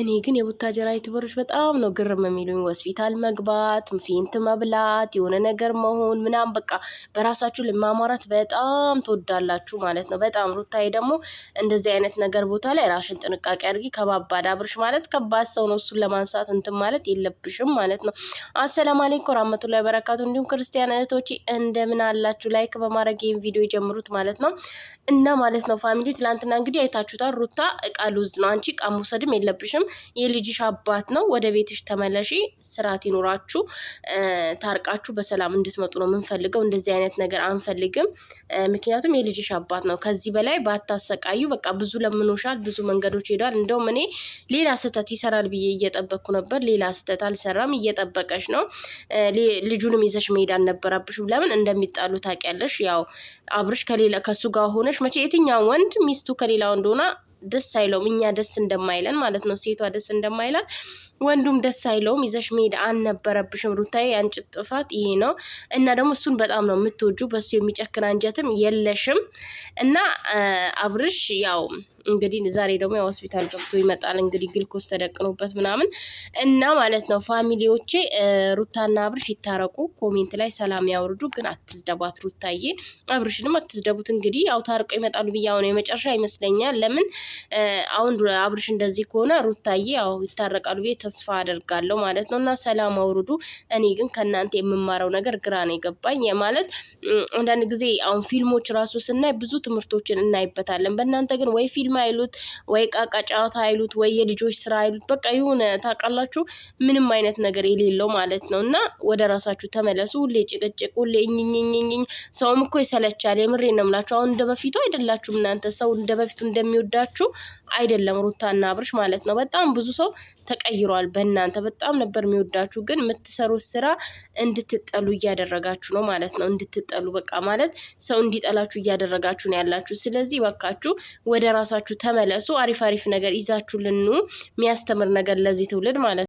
እኔ ግን የቡታጀራ ዩቱበሮች በጣም ነው ግርም የሚሉኝ። ሆስፒታል መግባት፣ ፌንት መብላት፣ የሆነ ነገር መሆን ምናምን በቃ በራሳችሁ ለማሟራት በጣም ትወዳላችሁ ማለት ነው። በጣም ሩታዬ ደግሞ እንደዚህ አይነት ነገር ቦታ ላይ ራሽን ጥንቃቄ አድርጊ። ከባባድ አብርሽ ማለት ከባድ ሰው ነው። እሱን ለማንሳት እንትን ማለት የለብሽም ማለት ነው። አሰላም አለይኩም ወራህመቱላሂ ወበረካቱ። እንዲሁም ክርስቲያን እህቶች እንደምን አላችሁ? ላይክ በማድረግ ይህን ቪዲዮ ጀምሩት ማለት ነው እና ማለት ነው ፋሚሊ ትላንትና እንግዲህ አይታችሁታል። ሩታ እቃ ሉዝ ነው። አንቺ እቃ መውሰድም የለብሽም የልጅሽ አባት ነው። ወደ ቤትሽ ተመለሺ። ስርዓት ይኖራችሁ፣ ታርቃችሁ በሰላም እንድትመጡ ነው የምንፈልገው። እንደዚህ አይነት ነገር አንፈልግም። ምክንያቱም የልጅሽ አባት ነው። ከዚህ በላይ ባታሰቃዩ። በቃ ብዙ ለምኖሻል፣ ብዙ መንገዶች ሄዷል። እንደውም እኔ ሌላ ስህተት ይሰራል ብዬ እየጠበቅኩ ነበር። ሌላ ስህተት አልሰራም። እየጠበቀች ነው። ልጁንም ይዘሽ መሄድ አልነበረብሽም። ለምን እንደሚጣሉ ታውቂያለሽ። ያው አብርሽ ከሌላ ከሱ ጋር ሆነሽ መቼ የትኛው ወንድ ሚስቱ ከሌላ ወንድ ሆና ደስ አይለውም። እኛ ደስ እንደማይለን ማለት ነው። ሴቷ ደስ እንደማይላት ወንዱም ደስ አይለውም። ይዘሽ መሄድ አልነበረብሽም ሩታዬ፣ አንቺ ጥፋት ይሄ ነው እና ደግሞ እሱን በጣም ነው የምትወጁ። በሱ የሚጨክን አንጀትም የለሽም እና አብርሽ ያው እንግዲህ ዛሬ ደግሞ ሆስፒታል ገብቶ ይመጣል። እንግዲህ ግልኮስ ተደቅኖበት ምናምን እና ማለት ነው። ፋሚሊዎቼ ሩታና አብርሽ ይታረቁ፣ ኮሜንት ላይ ሰላም ያውርዱ። ግን አትዝደቧት ሩታዬ፣ አብርሽንም አትዝደቡት እንግዲህ ያው ታርቀው ይመጣሉ ብዬ አሁን የመጨረሻ ይመስለኛል። ለምን አሁን አብርሽ እንደዚህ ከሆነ ሩታዬ ያው ይታረቃሉ ብዬ ተስፋ አደርጋለሁ ማለት ነው። እና ሰላም አውርዱ። እኔ ግን ከእናንተ የምማረው ነገር ግራ ነው የገባኝ ማለት አንዳንድ ጊዜ አሁን ፊልሞች ራሱ ስናይ ብዙ ትምህርቶችን እናይበታለን። በእናንተ ግን ወይ ፊልም ፊልም አይሉት ወይ ቃቃ ጨዋታ አይሉት ወይ የልጆች ስራ አይሉት በቃ የሆነ ታውቃላችሁ ምንም አይነት ነገር የሌለው ማለት ነው። እና ወደ ራሳችሁ ተመለሱ። ሁሌ ጭቅጭቅ፣ ሁሌ እኝኝኝኝኝ ሰውም እኮ ይሰለቻል። የምሬ ነው አሁን እንደ በፊቱ አይደላችሁም እናንተ ሰው እንደ በፊቱ እንደሚወዳችሁ አይደለም ሩታና አብርሽ ማለት ነው። በጣም ብዙ ሰው ተቀይሯል በእናንተ በጣም ነበር የሚወዳችሁ ግን የምትሰሩት ስራ እንድትጠሉ እያደረጋችሁ ነው ማለት ነው። እንድትጠሉ በቃ ማለት ሰው እንዲጠላችሁ እያደረጋችሁ ነው ያላችሁ። ስለዚህ እባካችሁ ወደ ራሳችሁ ይዛችሁ ተመለሱ። አሪፍ አሪፍ ነገር ይዛችሁ ልኑ። የሚያስተምር ነገር ለዚህ ትውልድ ማለት ነው።